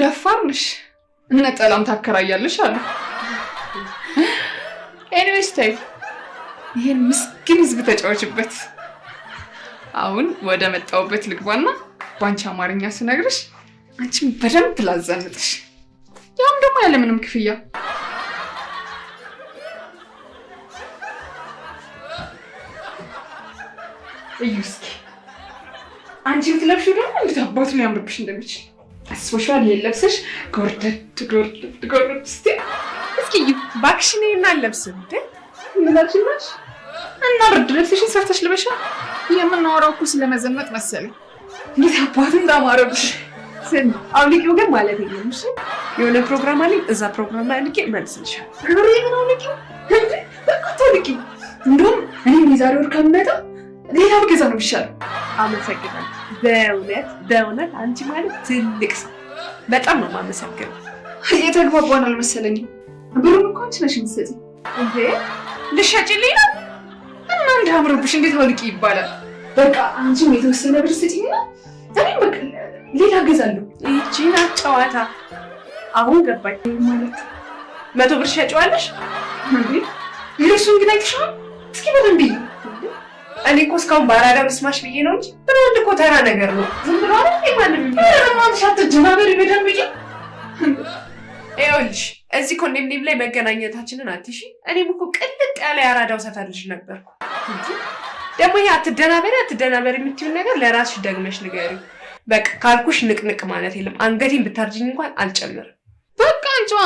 ደፋር ነሽ፣ ነጠላም ታከራያለሽ አሉ። ኤኒዌይስ ታይ ይህን ምስኪን ህዝብ ተጫወችበት። አሁን ወደ መጣውበት ልግባና ባንቺ አማርኛ ስነግርሽ አንቺም በደንብ ላዛንጥሽ፣ ያውም ደግሞ ያለምንም ክፍያ። እዩ እስኪ አንቺ የምትለብሺው ደግሞ እንዴት አባቱ ሊያምርብሽ እንደሚችል አስቦሻል ለብሰሽ ጎርደድ ጎርደድ ጎርደድ እስቲ እስኪ ባክሽኔ እና ለብስም እንዴ ምናችንሽ እና ብርድ ልብስሽን ሰርተሽ ልበሻ። የምናወራው እኮ ስለመዘመጥ መሰለኝ። እንዴት አባትን እንዳማረብሽ ስን አውልቂው ግን ማለት የለም እሺ። የሆነ ፕሮግራም አለኝ። እዛ ፕሮግራም ላይ አልቄ መልስልሻል። ክብሬ ምን አውልቂው እንዴ በቃ ታውልቂው። እንደውም እኔ የዛሬ ወር ከምመጣ ሌላ ብገዛ ነው የሚሻለው። አመሰግናል። በእውነት በእውነት አንቺ ማለት ትልቅ ሰው፣ በጣም ነው የማመሰግነው። እየተግባባን አልመሰለኝም። ብሩን እኮ አንቺ ነሽ የምትሰጪው። እንዴ ልትሸጪልኝ ነው? እና እንደ አምሮብሽ እንዴት አውልቂ ይባላል። በቃ አንቺም የተወሰነ ብር ስጪኝና እኔም በቃ ሌላ እገዛለሁ። ይቺ ጨዋታ። አሁን ገባኝ። ማለት መቶ ብር ሸጪዋለሽ? ልብሱን ግን አይተሽዋል? እስኪ በደንብ እኔ እኮ እስካሁን ባራዳ መስማሽ ብዬ ነው እንጂ ምን ወንድ እኮ ተራ ነገር ነው። ዝም ብሎ ማንም በደንብ ይኸውልሽ እዚህ ኮንዶሚኒየም ላይ መገናኘታችንን አትሺ። እኔም እኮ ቅልጥ ያለ ያራዳው ሰፈር ልጅ ነበርኩ። ደግሞ ይሄ አትደናበሪ አትደናበሪ የምትይውን ነገር ለራስሽ ደግመሽ ንገሪ። በቃ ካልኩሽ ንቅንቅ ማለት የለም። አንገቴን ብታርጅኝ እንኳን አልጨምርም። በቃ አንቺዋ